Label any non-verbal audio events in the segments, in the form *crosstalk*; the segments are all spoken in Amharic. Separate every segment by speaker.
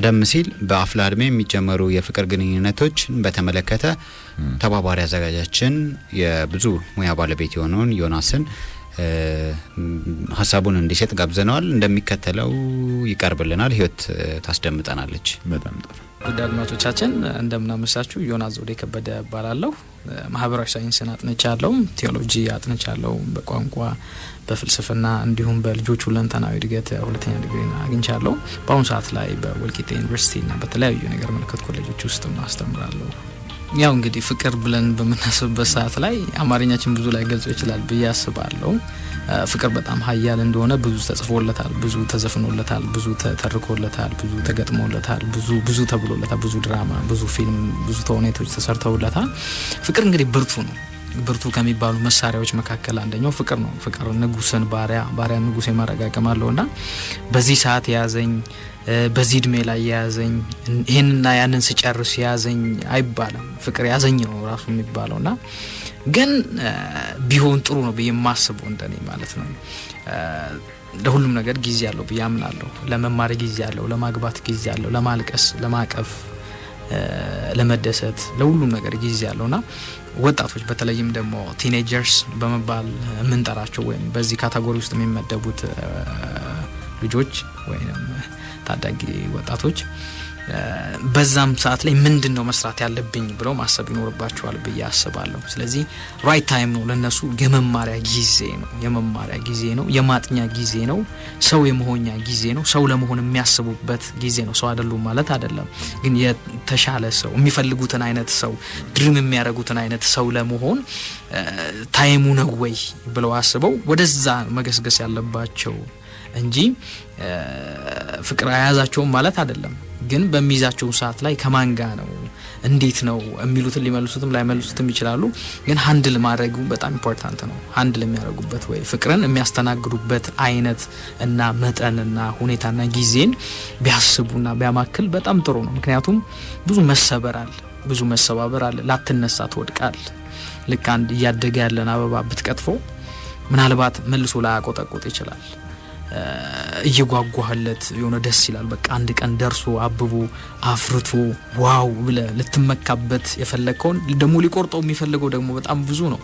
Speaker 1: ቀደም ሲል በአፍላ እድሜ የሚጀመሩ የፍቅር ግንኙነቶችን በተመለከተ ተባባሪ አዘጋጃችን የብዙ ሙያ ባለቤት የሆነውን ዮናስን ሀሳቡን እንዲሰጥ ጋብዘነዋል። እንደሚከተለው ይቀርብልናል። ህይወት ታስደምጠናለች።
Speaker 2: በጣም ጥሩ።
Speaker 3: ውድ አድማጮቻችን እንደምናመሳችሁ፣ ዮናስ ዘውዴ ከበደ እባላለሁ። ማህበራዊ ሳይንስን አጥንቻለሁ፣ ቴዎሎጂ አጥንቻለሁ፣ በቋንቋ በፍልስፍና እንዲሁም በልጆች ሁለንተናዊ እድገት ሁለተኛ ዲግሪ አግኝቻለሁ። በአሁኑ ሰዓት ላይ በወልቂጤ እና በተለያዩ ነገር ምልክት ኮሌጆች ውስጥም አስተምራለሁ። ያው እንግዲህ ፍቅር ብለን በምናስብበት ሰዓት ላይ አማርኛችን ብዙ ላይ ገልጾ ይችላል ብዬ አስባለሁ። ፍቅር በጣም ኃያል እንደሆነ ብዙ ተጽፎለታል፣ ብዙ ተዘፍኖለታል፣ ብዙ ተተርኮለታል፣ ብዙ ተገጥሞለታል፣ ብዙ ብዙ ተብሎለታል፣ ብዙ ድራማ፣ ብዙ ፊልም፣ ብዙ ተውኔቶች ተሰርተውለታል። ፍቅር እንግዲህ ብርቱ ነው። ብርቱ ከሚባሉ መሳሪያዎች መካከል አንደኛው ፍቅር ነው። ፍቅር ንጉስን ባሪያ፣ ባሪያ ንጉሴ ማረጋገም አለው እና በዚህ ሰዓት የያዘኝ በዚህ እድሜ ላይ የያዘኝ ይህንና ያንን ስጨርስ የያዘኝ አይባልም። ፍቅር ያዘኝ ነው ራሱ የሚባለው እና ግን ቢሆን ጥሩ ነው ብዬ የማስበው እንደኔ ማለት ነው። ለሁሉም ነገር ጊዜ አለው ብዬ አምናለሁ። ለመማር ጊዜ አለው፣ ለማግባት ጊዜ አለው፣ ለማልቀስ፣ ለማቀፍ፣ ለመደሰት፣ ለሁሉም ነገር ጊዜ አለውና ወጣቶች በተለይም ደግሞ ቲኔጀርስ በመባል የምንጠራቸው ወይም በዚህ ካታጎሪ ውስጥ የሚመደቡት ልጆች ወይም ታዳጊ ወጣቶች በዛም ሰዓት ላይ ምንድን ነው መስራት ያለብኝ ብለው ማሰብ ይኖርባቸዋል ብዬ አስባለሁ። ስለዚህ ራይት ታይም ነው ለነሱ የመማሪያ ጊዜ ነው፣ የመማሪያ ጊዜ ነው፣ የማጥኛ ጊዜ ነው፣ ሰው የመሆኛ ጊዜ ነው፣ ሰው ለመሆን የሚያስቡበት ጊዜ ነው። ሰው አደሉም ማለት አደለም ግን የተሻለ ሰው የሚፈልጉትን አይነት ሰው ድርም የሚያደርጉትን አይነት ሰው ለመሆን ታይሙ ነው ወይ ብለው አስበው ወደዛ መገስገስ ያለባቸው እንጂ ፍቅር አያዛቸውም ማለት አይደለም። ግን በሚይዛቸው ሰዓት ላይ ከማን ጋ ነው እንዴት ነው የሚሉትን ሊመልሱትም ላይመልሱትም ይችላሉ። ግን ሀንድል ማድረጉ በጣም ኢምፖርታንት ነው። ሀንድል የሚያደርጉበት ወይ ፍቅርን የሚያስተናግዱበት አይነት እና መጠንና ሁኔታና ጊዜን ቢያስቡና ቢያማክል በጣም ጥሩ ነው። ምክንያቱም ብዙ መሰበር አለ፣ ብዙ መሰባበር አለ። ላትነሳ ትወድቃል። ልክ አንድ እያደገ ያለን አበባ ብትቀጥፎ ምናልባት መልሶ ላያቆጠቁጥ ይችላል። እየጓጓህለት የሆነ ደስ ይላል። በቃ አንድ ቀን ደርሶ አብቦ አፍርቶ ዋው ብለ ልትመካበት የፈለግከውን ደግሞ ሊቆርጠው የሚፈልገው ደግሞ በጣም ብዙ ነው።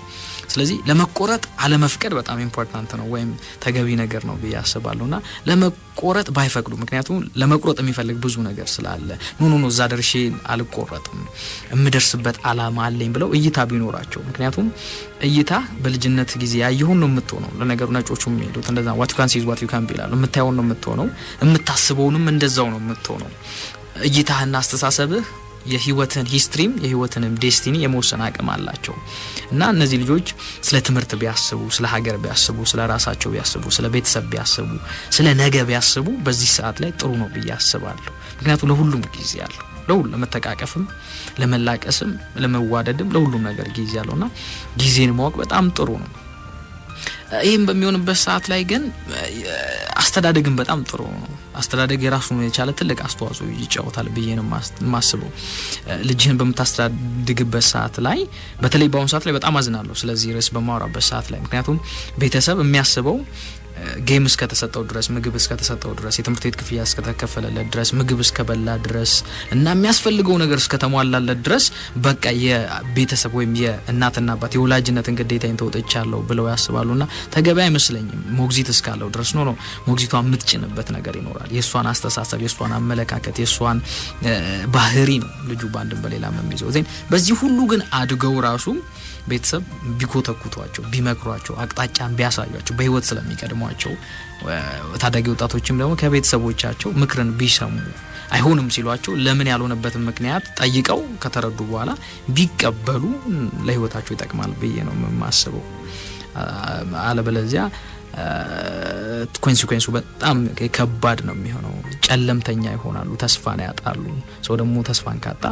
Speaker 3: ስለዚህ ለመቆረጥ አለመፍቀድ በጣም ኢምፖርታንት ነው ወይም ተገቢ ነገር ነው ብዬ አስባለሁ። ና ለመቆረጥ ባይፈቅዱ፣ ምክንያቱም ለመቁረጥ የሚፈልግ ብዙ ነገር ስላለ ኑ ኑ እዛ ደርሼ አልቆረጥም የምደርስበት አላማ አለኝ ብለው እይታ ቢኖራቸው፣ ምክንያቱም እይታ በልጅነት ጊዜ ያየሁን ነው የምትሆነው። ለነገሩ ነጮቹ የሚሄዱት እንደዛ ዋቲካን ሲዝ ዋቲካን ቢላሉ የምታየውን ነው የምትሆነው፣ የምታስበውንም እንደዛው ነው የምትሆነው። እይታህና አስተሳሰብህ የህይወትን ሂስትሪም የህይወትንም ዴስቲኒ የመወሰን አቅም አላቸው እና እነዚህ ልጆች ስለ ትምህርት ቢያስቡ፣ ስለ ሀገር ቢያስቡ፣ ስለ ራሳቸው ቢያስቡ፣ ስለ ቤተሰብ ቢያስቡ፣ ስለ ነገ ቢያስቡ በዚህ ሰዓት ላይ ጥሩ ነው ብዬ አስባለሁ። ምክንያቱም ለሁሉም ጊዜ አለው። ለሁሉ ለመተቃቀፍም፣ ለመላቀስም፣ ለመዋደድም ለሁሉም ነገር ጊዜ አለውና ጊዜን ማወቅ በጣም ጥሩ ነው። ይህም በሚሆንበት ሰዓት ላይ ግን አስተዳደግን በጣም ጥሩ ነው። አስተዳደግ የራሱ የቻለ ትልቅ አስተዋጽኦ ይጫወታል ብዬ ነው የማስበው። ልጅህን በምታስተዳድግበት ሰዓት ላይ በተለይ በአሁኑ ሰዓት ላይ በጣም አዝናለሁ ስለዚህ ርዕስ በማውራበት ሰዓት ላይ ምክንያቱም ቤተሰብ የሚያስበው ጌም እስከተሰጠው ድረስ ምግብ እስከተሰጠው ድረስ የትምህርት ቤት ክፍያ እስከተከፈለለት ድረስ ምግብ እስከበላ ድረስ እና የሚያስፈልገው ነገር እስከተሟላለት ድረስ በቃ የቤተሰብ ወይም የእናትና አባት የወላጅነትን ግዴታዬን ተወጥቻለሁ ብለው ያስባሉ። ተገቢ አይመስለኝም። ሞግዚት እስካለው ድረስ ኖ ነው ሞግዚቷ የምትጭንበት ነገር ይኖራል። የእሷን አስተሳሰብ፣ የእሷን አመለካከት፣ የእሷን ባህሪ ነው ልጁ በአንድም በሌላ የሚይዘው ዜን በዚህ ሁሉ ግን አድገው ራሱ ቤተሰብ ቢኮተኩቷቸው ቢመክሯቸው አቅጣጫን ቢያሳዩቸው በህይወት ስለሚቀድሙ ቢሰሟቸው ታዳጊ ወጣቶችም ደግሞ ከቤተሰቦቻቸው ምክርን ቢሰሙ አይሆንም ሲሏቸው ለምን ያልሆነበትን ምክንያት ጠይቀው ከተረዱ በኋላ ቢቀበሉ ለህይወታቸው ይጠቅማል ብዬ ነው የማስበው። አለበለዚያ ኮንሲኮንሱ በጣም ከባድ ነው የሚሆነው። ጨለምተኛ ይሆናሉ፣ ተስፋን ያጣሉ። ሰው ደግሞ ተስፋን ካጣ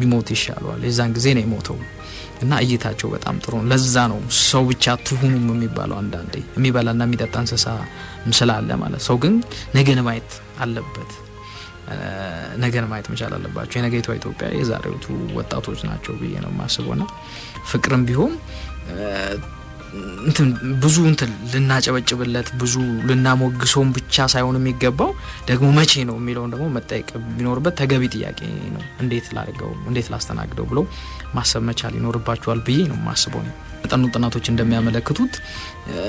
Speaker 3: ቢሞት ይሻለዋል። የዛን ጊዜ ነው የሞተው። እና እይታቸው በጣም ጥሩ ነው። ለዛ ነው ሰው ብቻ ትሁኑም የሚባለው። አንዳንዴ የሚበላና የሚጠጣ እንስሳ አለ ማለት ሰው ግን ነገን ማየት አለበት። ነገን ማየት መቻል አለባቸው። የነገቷ ኢትዮጵያ የዛሬቱ ወጣቶች ናቸው ብዬ ነው የማስበው። ና ፍቅርም ቢሆን ብዙ እንትን ልናጨበጭብለት ብዙ ልናሞግሰውን ብቻ ሳይሆን የሚገባው ደግሞ መቼ ነው የሚለውን ደግሞ መጠየቅ ቢኖርበት ተገቢ ጥያቄ ነው። እንዴት ላድርገው፣ እንዴት ላስተናግደው ብሎ ማሰብ መቻል ይኖርባቸዋል ብዬ ነው ማስበው። የጠኑ ጥናቶች እንደሚያመለክቱት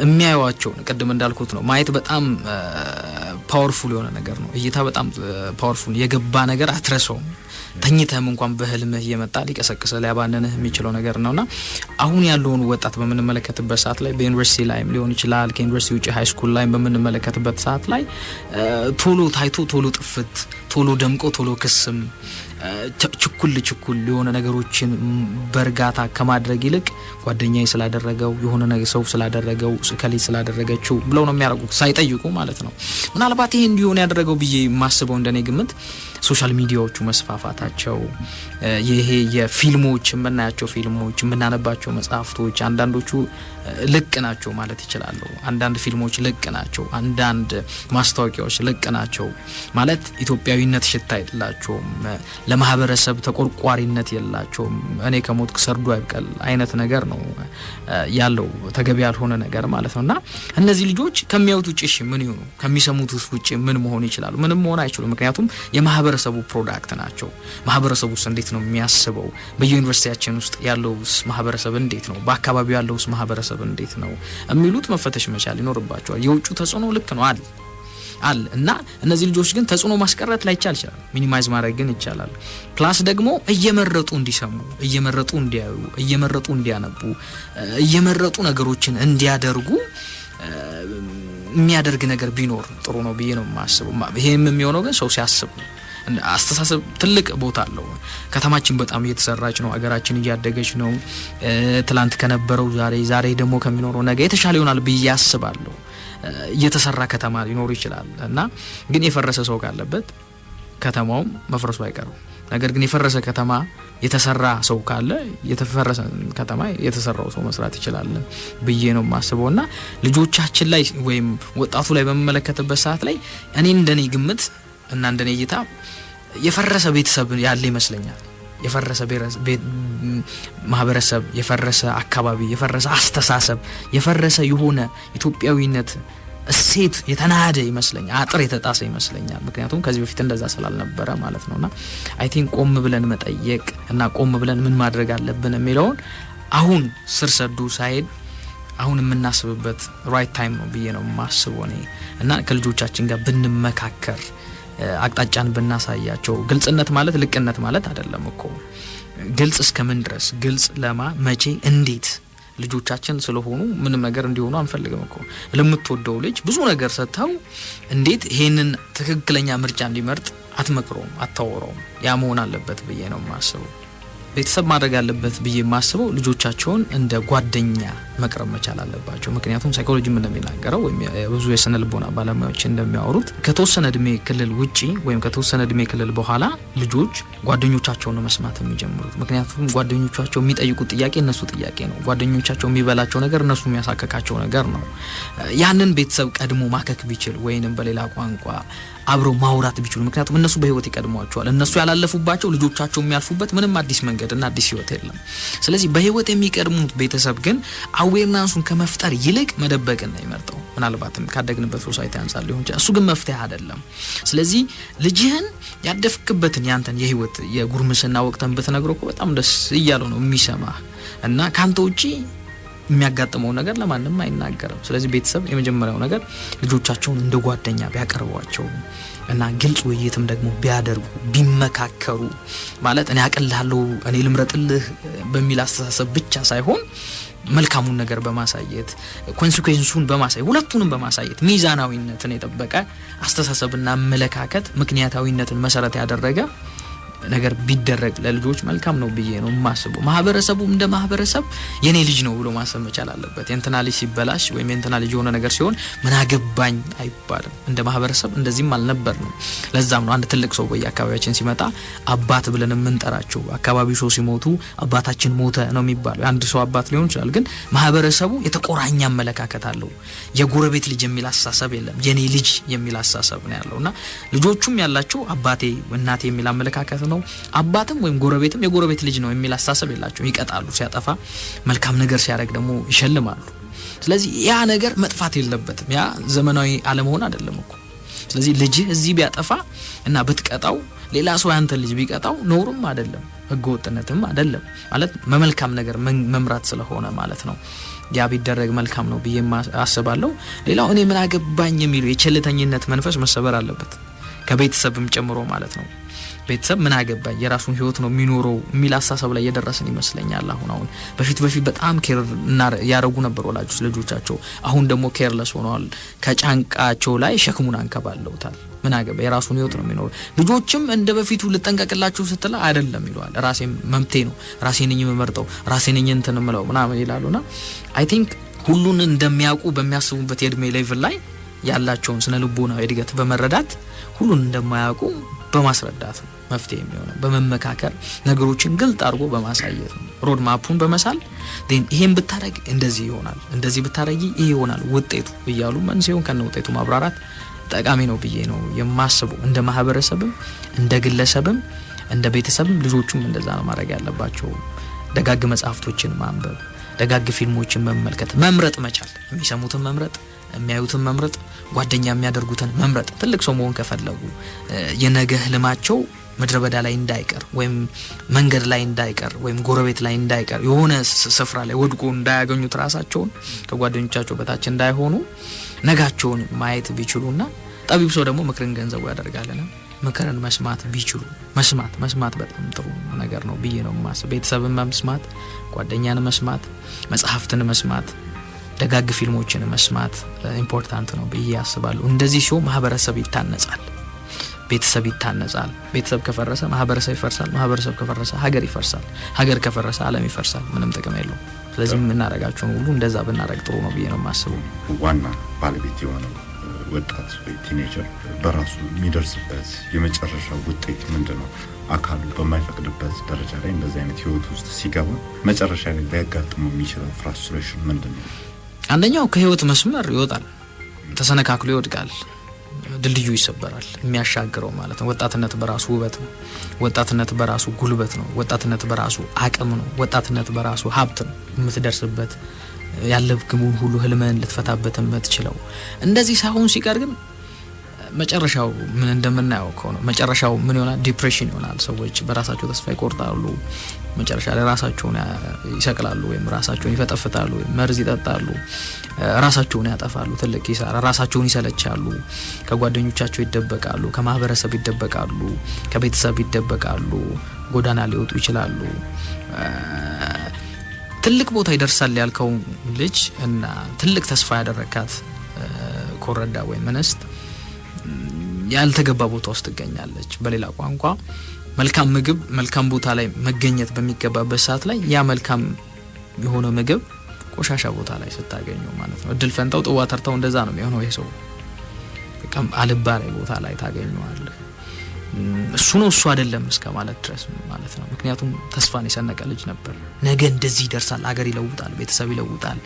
Speaker 3: የሚያዩዋቸውን ቅድም እንዳልኩት ነው ማየት በጣም ፓወርፉል የሆነ ነገር ነው። እይታ በጣም ፓወርፉል የገባ ነገር አትረሰውም። ተኝተህም እንኳን በህልምህ እየመጣ ሊቀሰቅሰ ሊያባንንህ የሚችለው ነገር ነውና አሁን ያለውን ወጣት በምንመለከትበት ሰዓት ላይ በዩኒቨርሲቲ ላይም ሊሆን ይችላል ከዩኒቨርሲቲ ውጭ ሃይስኩል ላይም በምንመለከትበት ሰዓት ላይ ቶሎ ታይቶ ቶሎ ጥፍት ቶሎ ደምቆ ቶሎ ክስም ችኩል ችኩል የሆነ ነገሮችን በእርጋታ ከማድረግ ይልቅ ጓደኛ ስላደረገው የሆነ ሰው ስላደረገው ከሌ ስላደረገችው ብለው ነው የሚያደርጉ ሳይጠይቁ ማለት ነው። ምናልባት ይሄ እንዲሆን ያደረገው ብዬ የማስበው እንደኔ ግምት ሶሻል ሚዲያዎቹ መስፋፋታቸው፣ ይሄ የፊልሞች የምናያቸው ፊልሞች፣ የምናነባቸው መጽሐፍቶች አንዳንዶቹ ልቅ ናቸው ማለት ይችላሉ። አንዳንድ ፊልሞች ልቅ ናቸው፣ አንዳንድ ማስታወቂያዎች ልቅ ናቸው ማለት ኢትዮጵያዊነት ሽታ የላቸውም፣ ለማህበረሰብ ተቆርቋሪነት የላቸውም። እኔ ከሞትኩ ሰርዶ አይብቀል አይነት ነገር ነው ያለው፣ ተገቢ ያልሆነ ነገር ማለት ነው። እና እነዚህ ልጆች ከሚያዩት ውጭ እሺ ምን ይሆኑ? ከሚሰሙት ውጭ ምን መሆን ይችላሉ? ምንም መሆን አይችሉም። ምክንያቱም የማህበረሰቡ ፕሮዳክት ናቸው። ማህበረሰቡ ውስጥ እንዴት ነው የሚያስበው? በየዩኒቨርሲቲያችን ውስጥ ያለውስ ማህበረሰብ እንዴት ነው? በአካባቢው ያለውስ ማህበረሰብ አስተሳሰብ እንዴት ነው የሚሉት መፈተሽ መቻል ይኖርባቸዋል። የውጩ ተጽዕኖ ልክ ነው አለ አለ እና እነዚህ ልጆች ግን ተጽዕኖ ማስቀረት ላይቻል ይችላል። ሚኒማይዝ ማድረግ ግን ይቻላል። ፕላስ ደግሞ እየመረጡ እንዲሰሙ፣ እየመረጡ እንዲያዩ፣ እየመረጡ እንዲያነቡ፣ እየመረጡ ነገሮችን እንዲያደርጉ የሚያደርግ ነገር ቢኖር ጥሩ ነው ብዬ ነው የማስበው። ይሄም የሚሆነው ግን ሰው ሲያስብ ነው። አስተሳሰብ ትልቅ ቦታ አለው። ከተማችን በጣም እየተሰራች ነው። አገራችን እያደገች ነው። ትላንት ከነበረው ዛሬ፣ ዛሬ ደግሞ ከሚኖረው ነገ የተሻለ ይሆናል ብዬ አስባለሁ። እየተሰራ ከተማ ሊኖር ይችላል እና ግን የፈረሰ ሰው ካለበት ከተማውም መፍረሱ አይቀርም። ነገር ግን የፈረሰ ከተማ የተሰራ ሰው ካለ የተፈረሰ ከተማ የተሰራው ሰው መስራት ይችላል ብዬ ነው የማስበው እና ልጆቻችን ላይ ወይም ወጣቱ ላይ በምመለከትበት ሰዓት ላይ እኔ እንደኔ ግምት እና እንደኔ እይታ የፈረሰ ቤተሰብ ያለ ይመስለኛል። የፈረሰ ማህበረሰብ፣ የፈረሰ አካባቢ፣ የፈረሰ አስተሳሰብ፣ የፈረሰ የሆነ ኢትዮጵያዊነት እሴት የተናደ ይመስለኛል። አጥር የተጣሰ ይመስለኛል። ምክንያቱም ከዚህ በፊት እንደዛ ስላልነበረ ማለት ነውና አይ ቲንክ ቆም ብለን መጠየቅ እና ቆም ብለን ምን ማድረግ አለብን የሚለውን አሁን ስር ሰዱ ሳይድ አሁን የምናስብበት ራይት ታይም ነው ብዬ ነው ማስቦ እኔ እና ከልጆቻችን ጋር ብንመካከር አቅጣጫን ብናሳያቸው ግልጽነት ማለት ልቅነት ማለት አይደለም እኮ ግልጽ እስከምን ድረስ ግልጽ ለማ መቼ እንዴት ልጆቻችን ስለሆኑ ምንም ነገር እንዲሆኑ አንፈልግም እኮ ለምትወደው ልጅ ብዙ ነገር ሰጥተው እንዴት ይሄንን ትክክለኛ ምርጫ እንዲመርጥ አትመክረውም አታወራውም ያ መሆን አለበት ብዬ ነው የማስበው ቤተሰብ ማድረግ አለበት ብዬ የማስበው ልጆቻቸውን እንደ ጓደኛ መቅረብ መቻል አለባቸው። ምክንያቱም ሳይኮሎጂም እንደሚናገረው ወይም ብዙ የስነ ልቦና ባለሙያዎች እንደሚያወሩት ከተወሰነ እድሜ ክልል ውጪ ወይም ከተወሰነ እድሜ ክልል በኋላ ልጆች ጓደኞቻቸውን መስማት የሚጀምሩት ምክንያቱም ጓደኞቻቸው የሚጠይቁት ጥያቄ እነሱ ጥያቄ ነው። ጓደኞቻቸው የሚበላቸው ነገር እነሱ የሚያሳከካቸው ነገር ነው። ያንን ቤተሰብ ቀድሞ ማከክ ቢችል ወይንም በሌላ ቋንቋ አብረው ማውራት ቢችሉ። ምክንያቱም እነሱ በህይወት ይቀድሟቸዋል። እነሱ ያላለፉባቸው ልጆቻቸው የሚያልፉበት ምንም አዲስ መንገድና አዲስ ህይወት የለም። ስለዚህ በህይወት የሚቀድሙት ቤተሰብ ግን አዌርናንሱን ከመፍጠር ይልቅ መደበቅን ነው ይመርጠው። ምናልባትም ካደግንበት ሶሳይቲ አንጻር ሊሆን ይችላል። እሱ ግን መፍትሄ አይደለም። ስለዚህ ልጅህን ያደፍክበትን ያንተን የህይወት የጉርምስና ወቅተን ብትነግረው በጣም ደስ እያለው ነው የሚሰማ እና ከአንተ ውጪ የሚያጋጥመውን ነገር ለማንም አይናገርም። ስለዚህ ቤተሰብ የመጀመሪያው ነገር ልጆቻቸውን እንደ ጓደኛ ቢያቀርቧቸው እና ግልጽ ውይይትም ደግሞ ቢያደርጉ ቢመካከሩ፣ ማለት እኔ አቅልላለሁ እኔ ልምረጥልህ በሚል አስተሳሰብ ብቻ ሳይሆን መልካሙን ነገር በማሳየት ኮንሲኩዌንሱን በማሳየት ሁለቱንም በማሳየት ሚዛናዊነትን የጠበቀ አስተሳሰብና አመለካከት ምክንያታዊነትን መሰረት ያደረገ ነገር ቢደረግ ለልጆች መልካም ነው ብዬ ነው የማስበው። ማህበረሰቡ እንደ ማህበረሰብ የኔ ልጅ ነው ብሎ ማሰብ መቻል አለበት። የእንትና ልጅ ሲበላሽ ወይም የእንትና ልጅ የሆነ ነገር ሲሆን ምን አገባኝ አይባልም። እንደ ማህበረሰብ እንደዚህም ነው ለዛም ነው አንድ ትልቅ ሰው በየ አካባቢያችን ሲመጣ አባት ብለን የምንጠራቸው። አካባቢው ሰው ሲሞቱ አባታችን ሞተ ነው የሚባለው። አንድ ሰው አባት ሊሆን ይችላል፣ ግን ማህበረሰቡ የተቆራኘ አመለካከት አለው። የጎረቤት ልጅ የሚል አስተሳሰብ የለም። የኔ ልጅ የሚል አስተሳሰብ ነው ያለው እና ልጆቹም ያላቸው አባቴ እናቴ የሚል አመለካከት ነው ነው አባትም ወይም ጎረቤትም የጎረቤት ልጅ ነው የሚል አሳሰብ የላቸው። ይቀጣሉ ሲያጠፋ፣ መልካም ነገር ሲያደርግ ደግሞ ይሸልማሉ። ስለዚህ ያ ነገር መጥፋት የለበትም። ያ ዘመናዊ አለመሆን አይደለም እኮ። ስለዚህ ልጅህ እዚህ ቢያጠፋ እና ብትቀጣው ሌላ ሰው ያንተ ልጅ ቢቀጣው አደለም አይደለም ህገወጥነትም አይደለም ማለት መመልካም ነገር መምራት ስለሆነ ማለት ነው። ያ ቢደረግ መልካም ነው ብዬ አስባለሁ። ሌላው እኔ ምን አገባኝ የሚሉ የቸልተኝነት መንፈስ መሰበር አለበት ከቤተሰብም ጨምሮ ማለት ነው። ቤተሰብ ምን አገባኝ የራሱን ህይወት ነው የሚኖረው የሚል አሳሰብ ላይ የደረስን ይመስለኛል። አሁን አሁን በፊት በፊት በጣም ኬር ያደረጉ ነበር ወላጆች ልጆቻቸው። አሁን ደግሞ ኬርለስ ሆነዋል። ከጫንቃቸው ላይ ሸክሙን አንከባለውታል። ምን አገባ የራሱን ህይወት ነው የሚኖረው። ልጆችም እንደ በፊቱ ልጠንቀቅላችሁ ስትላ አይደለም ይለዋል። ራሴ መምቴ ነው ራሴ ነኝ የምመርጠው ራሴ ነኝ እንትን ምለው ምናምን ይላሉና አይ ቲንክ ሁሉን እንደሚያውቁ በሚያስቡበት የእድሜ ሌቭል ላይ ያላቸውን ስነ ልቦናዊ እድገት በመረዳት ሁሉን እንደማያውቁ በማስረዳት ነው። መፍትሄ የሚሆነው በመመካከር ነገሮችን ግልጥ አድርጎ በማሳየት ነው፣ ሮድ ማፑን በመሳል ይሄን ብታረግ እንደዚህ ይሆናል፣ እንደዚህ ብታረጊ ይህ ይሆናል ውጤቱ እያሉ መንስኤውን ከነ ውጤቱ ማብራራት ጠቃሚ ነው ብዬ ነው የማስበው። እንደ ማህበረሰብም እንደ ግለሰብም እንደ ቤተሰብም ልጆቹም እንደዛ ነው ማድረግ ያለባቸው። ደጋግ መጽሐፍቶችን ማንበብ፣ ደጋግ ፊልሞችን መመልከት፣ መምረጥ መቻል፣ የሚሰሙትን መምረጥ፣ የሚያዩትን መምረጥ፣ ጓደኛ የሚያደርጉትን መምረጥ። ትልቅ ሰው መሆን ከፈለጉ የነገ ህልማቸው ምድረ በዳ ላይ እንዳይቀር ወይም መንገድ ላይ እንዳይቀር ወይም ጎረቤት ላይ እንዳይቀር የሆነ ስፍራ ላይ ወድቆ እንዳያገኙት ራሳቸውን ከጓደኞቻቸው በታች እንዳይሆኑ ነጋቸውን ማየት ና ጠቢብ ሰው ደግሞ ምክርን ገንዘቡ ያደርጋልና ምክርን መስማት ቢችሉ መስማት መስማት በጣም ጥሩ ነገር ነው ብዬ ነው ማስ ቤተሰብን መስማት፣ ጓደኛን መስማት፣ መጽሐፍትን መስማት፣ ደጋግ ፊልሞችን መስማት ኢምፖርታንት ነው ብዬ ያስባሉ። እንደዚህ ሲሆን ማህበረሰብ ይታነጻል። ቤተሰብ ይታነጻል። ቤተሰብ ከፈረሰ ማህበረሰብ ይፈርሳል። ማህበረሰብ ከፈረሰ ሀገር ይፈርሳል። ሀገር ከፈረሰ ዓለም ይፈርሳል። ምንም ጥቅም የለው? ስለዚህ የምናደርጋቸውን ሁሉ እንደዛ ብናደርግ ጥሩ ነው ብዬ ነው የማስበው። ዋና ባለቤት የሆነው ወጣት ወይ ቲኔጀር በራሱ የሚደርስበት የመጨረሻ ውጤት ምንድን ነው? አካሉ በማይፈቅድበት ደረጃ ላይ እንደዚህ አይነት ህይወት ውስጥ ሲገባ መጨረሻ ላይ ሊያጋጥሙ የሚችለው ፍራስትሬሽን ምንድን ነው? አንደኛው ከህይወት መስመር ይወጣል፣ ተሰነካክሎ ይወድቃል። ድልድዩ ይሰበራል። የሚያሻግረው ማለት ነው። ወጣትነት በራሱ ውበት ነው። ወጣትነት በራሱ ጉልበት ነው። ወጣትነት በራሱ አቅም ነው። ወጣትነት በራሱ ሀብት ነው። የምትደርስበት ያለብክሙን ሁሉ ህልመን ልትፈታበት የምትችለው እንደዚህ ሳይሆን ሲቀር ግን መጨረሻው ምን እንደምናየው ከሆነ መጨረሻው ምን ይሆናል? ዲፕሬሽን ይሆናል። ሰዎች በራሳቸው ተስፋ ይቆርጣሉ። መጨረሻ ላይ ራሳቸውን ይሰቅላሉ፣ ወይም ራሳቸውን ይፈጠፍጣሉ፣ ወይም መርዝ ይጠጣሉ፣ ራሳቸውን ያጠፋሉ። ትልቅ ኪሳራ። ራሳቸውን ይሰለቻሉ፣ ከጓደኞቻቸው ይደበቃሉ፣ ከማህበረሰብ ይደበቃሉ፣ ከቤተሰብ ይደበቃሉ፣ ጎዳና ሊወጡ ይችላሉ። ትልቅ ቦታ ይደርሳል ያልከው ልጅ እና ትልቅ ተስፋ ያደረካት ኮረዳ ወይም እንስት ያልተገባ ቦታ ውስጥ ትገኛለች። በሌላ ቋንቋ መልካም ምግብ መልካም ቦታ ላይ መገኘት በሚገባበት ሰዓት ላይ ያ መልካም የሆነ ምግብ ቆሻሻ ቦታ ላይ ስታገኙ ማለት ነው። እድል ፈንታው ጥዋ ተርታው እንደዛ ነው የሆነው ይህ ሰው በቃም አልባሌ ቦታ ላይ ታገኘዋለህ። እሱ ነው እሱ አይደለም እስከ ማለት ድረስ ማለት ነው። ምክንያቱም ተስፋን የሰነቀ ልጅ ነበር። ነገ እንደዚህ ይደርሳል፣ አገር ይለውጣል፣ ቤተሰብ ይለውጣል፣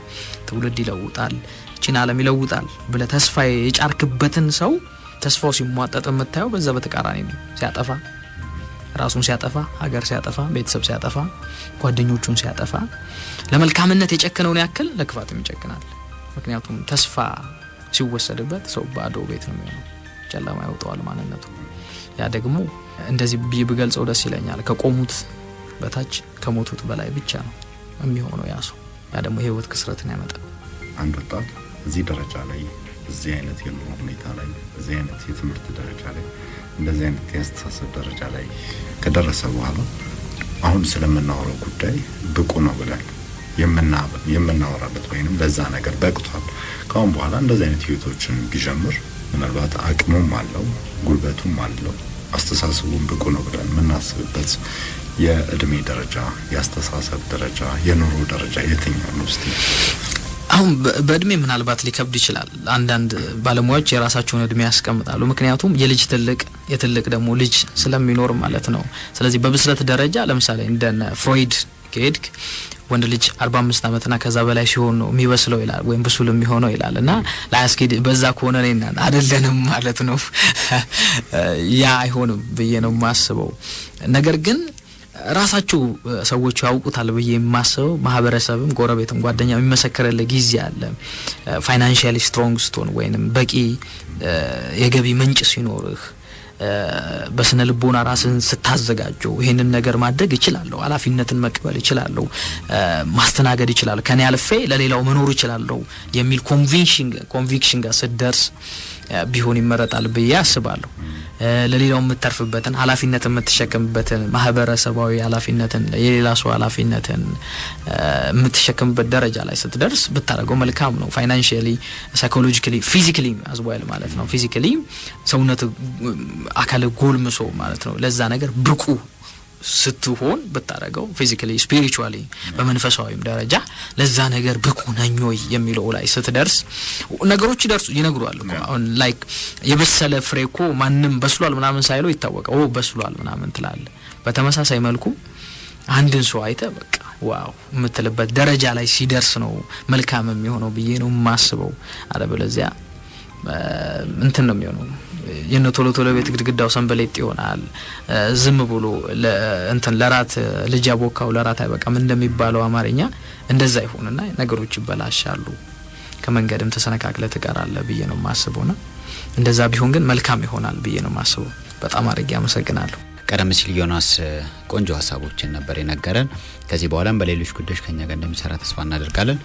Speaker 3: ትውልድ ይለውጣል፣ እቺን ዓለም ይለውጣል ብለ ተስፋ የጫርክበትን ሰው ተስፋው ሲሟጠጥ የምታየው በዛ በተቃራኒ ነው። ሲያጠፋ ራሱን ሲያጠፋ፣ ሀገር ሲያጠፋ፣ ቤተሰብ ሲያጠፋ፣ ጓደኞቹን ሲያጠፋ፣ ለመልካምነት የጨከነውን ያክል ለክፋትም ይጨክናል። ምክንያቱም ተስፋ ሲወሰድበት ሰው ባዶ ቤት ነው የሚሆነው፣ ጨለማ ያውጠዋል ማንነቱ። ያ ደግሞ እንደዚህ ብዬ ብገልጸው ደስ ይለኛል፣ ከቆሙት በታች ከሞቱት በላይ ብቻ ነው የሚሆነው ያ ሰው። ያ ደግሞ የህይወት ክስረትን ያመጣል። አንድ ወጣት እዚህ ደረጃ ላይ እዚህ አይነት የኑሮ ሁኔታ ላይ እዚህ አይነት የትምህርት ደረጃ ላይ እንደዚህ አይነት የአስተሳሰብ ደረጃ ላይ ከደረሰ በኋላ አሁን ስለምናወራው ጉዳይ ብቁ ነው ብለን የምናወራበት ወይንም ለዛ ነገር በቅቷል። ከአሁን በኋላ እንደዚህ አይነት ህይወቶችን ቢጀምር ምናልባት አቅሙም አለው፣ ጉልበቱም አለው፣ አስተሳሰቡን ብቁ ነው ብለን የምናስብበት የእድሜ ደረጃ፣ የአስተሳሰብ ደረጃ፣ የኑሮ ደረጃ የትኛው ነው? አሁን በእድሜ ምናልባት ሊከብድ ይችላል። አንዳንድ ባለሙያዎች የራሳቸውን እድሜ ያስቀምጣሉ። ምክንያቱም የልጅ ትልቅ የትልቅ ደግሞ ልጅ ስለሚኖር ማለት ነው። ስለዚህ በብስለት ደረጃ ለምሳሌ እንደነ ፍሮይድ ከሄድክ ወንድ ልጅ አርባ አምስት ዓመትና ከዛ በላይ ሲሆን ነው የሚበስለው ይላል፣ ወይም ብሱል የሚሆነው ይላል። እና ለአስኬድ በዛ ከሆነ ና አደለንም ማለት ነው። *laughs* ያ አይሆንም ብዬ ነው የማስበው ነገር ግን ራሳችሁ ሰዎቹ ያውቁታል ብዬ የማስበው ማህበረሰብም ጎረቤትም ጓደኛ የሚመሰክርልህ ጊዜ አለ። ፋይናንሽሊ ስትሮንግ ስቶን ወይንም በቂ የገቢ ምንጭ ሲኖርህ በስነ ልቦና ራስን ስታዘጋጀው ይህንን ነገር ማድረግ ይችላለሁ፣ ኃላፊነትን መቀበል ይችላለሁ፣ ማስተናገድ ይችላለሁ፣ ከኔ አልፌ ለሌላው መኖር ይችላለሁ የሚል ኮንቪክሽን ጋር ስደርስ ቢሆን ይመረጣል ብዬ አስባለሁ። ለሌላው የምታርፍበትን ኃላፊነት የምትሸክምበትን ማህበረሰባዊ ኃላፊነትን የሌላ ሰው ኃላፊነትን የምትሸክምበት ደረጃ ላይ ስትደርስ ብታደረገው መልካም ነው። ፋይናንሽሊ፣ ሳይኮሎጂካሊ፣ ፊዚካሊ አዝቧይል ማለት ነው። ፊዚካሊ ሰውነት አካል ጎልምሶ ማለት ነው ለዛ ነገር ብቁ ስትሆን ብታደረገው ፊዚካሊ ስፒሪቹዋሊ በመንፈሳዊም ደረጃ ለዛ ነገር ብቁ ነኝ የሚለው ላይ ስትደርስ ነገሮች ይደርሱ ይነግሯል እኮ አሁን ላይክ የበሰለ ፍሬ እኮ ማንም በስሏል ምናምን ሳይለው ይታወቀ ኦ በስሏል ምናምን ትላለ። በተመሳሳይ መልኩ አንድን ሰው አይተ በቃ ዋው የምትልበት ደረጃ ላይ ሲደርስ ነው መልካም የሚሆነው ብዬ ነው የማስበው። አለበለዚያ እንትን ነው የሚሆነው የነ ቶሎ ቶሎ ቤት ግድግዳው ሰንበሌጥ ይሆናል። ዝም ብሎ እንትን ለራት ልጅ አቦካው ለራት አይበቃም እንደሚባለው አማርኛ እንደዛ ይሆንና ነገሮች ይበላሻሉ። ከመንገድም ተሰነካክለ ትቀራለ ብዬ ነው የማስበው ና እንደዛ ቢሆን ግን መልካም ይሆናል ብዬ ነው ማስበው በጣም አድርጌ አመሰግናለሁ። ቀደም ሲል ዮናስ ቆንጆ ሀሳቦችን ነበር የነገረን። ከዚህ በኋላም በሌሎች ጉዳዮች ከኛ ጋር እንደሚሰራ ተስፋ እናደርጋለን።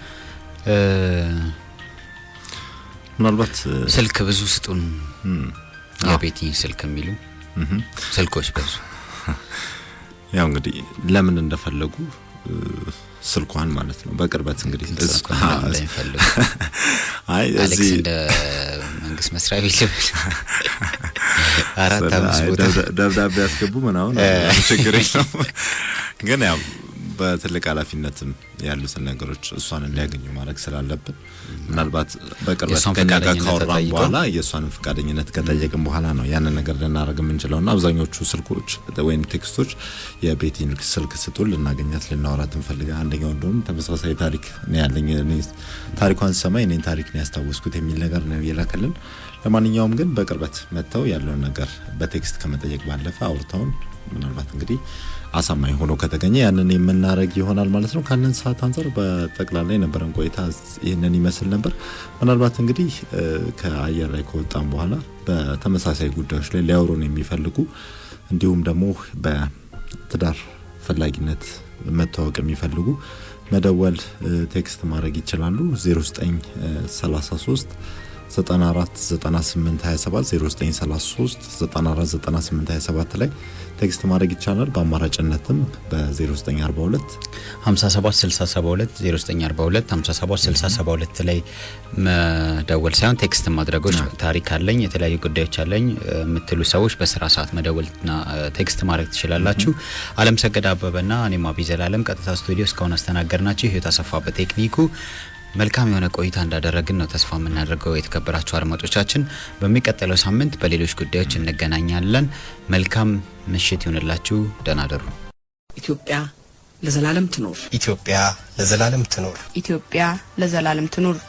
Speaker 3: ምናልባት ስልክ ብዙ ስጡን የቤቲ ስልክ የሚሉ ስልኮች በዙ። ያው እንግዲህ ለምን እንደፈለጉ ስልኳን ማለት ነው በቅርበት እንግዲህ *laughs* አይ እንደ መንግስት መስሪያ ቤት አራት አምስት ቦታ ደብዳቤ ያስገቡ ምናሁን ችግር ነው ግን ያው በትልቅ ኃላፊነትም ያሉትን ነገሮች እሷን እንዲያገኙ ማድረግ ስላለብን ምናልባት በቅርበት ከኛ ጋር በኋላ የእሷንም ፈቃደኝነት ከጠየቅን በኋላ ነው ያንን ነገር ልናደርግ የምንችለው ና አብዛኞቹ ስልኮች ወይም ቴክስቶች የቤቲን ስልክ ስጡ፣ ልናገኛት ልናወራት እንፈልጋ። አንደኛው እንደሁም ተመሳሳይ ታሪክ ያለኝ ታሪኳን ሰማ የኔን ታሪክ ነው ያስታወስኩት የሚል ነገር ነው የላክልን። ለማንኛውም ግን በቅርበት መጥተው ያለውን ነገር በቴክስት ከመጠየቅ ባለፈ አውርተውን ምናልባት እንግዲህ አሳማኝ ሆኖ ከተገኘ ያንን የምናደረግ ይሆናል ማለት ነው። ካንን ሰዓት አንጻር በጠቅላላ የነበረን ቆይታ ይህንን ይመስል ነበር። ምናልባት እንግዲህ ከአየር ላይ ከወጣም በኋላ በተመሳሳይ ጉዳዮች ላይ ሊያውሩን የሚፈልጉ እንዲሁም ደግሞ በትዳር ፈላጊነት መታወቅ የሚፈልጉ መደወል፣ ቴክስት ማድረግ ይችላሉ 0933 94 949827 0933 949827 ላይ ቴክስት ማድረግ ይቻላል። በአማራጭነትም በ0942 5762 ላይ መደወል ሳይሆን ቴክስት ማድረጎች ታሪክ አለኝ የተለያዩ ጉዳዮች አለኝ የምትሉ ሰዎች በስራ ሰዓት መደወልና ቴክስት ማድረግ ትችላላችሁ። አለም ሰገድ አበበና እኔም አቢ ዘላለም ቀጥታ ስቱዲዮ እስካሁን ናቸው ህይወት አሰፋ በቴክኒኩ መልካም የሆነ ቆይታ እንዳደረግን ነው ተስፋ የምናደርገው። የተከበራችሁ አድማጮቻችን፣ በሚቀጥለው ሳምንት በሌሎች ጉዳዮች እንገናኛለን። መልካም ምሽት ይሆንላችሁ። ደህና ኢትዮጵያ ለዘላለም ትኖር። ኢትዮጵያ ለዘላለም ትኖር። ኢትዮጵያ ለዘላለም ትኖር።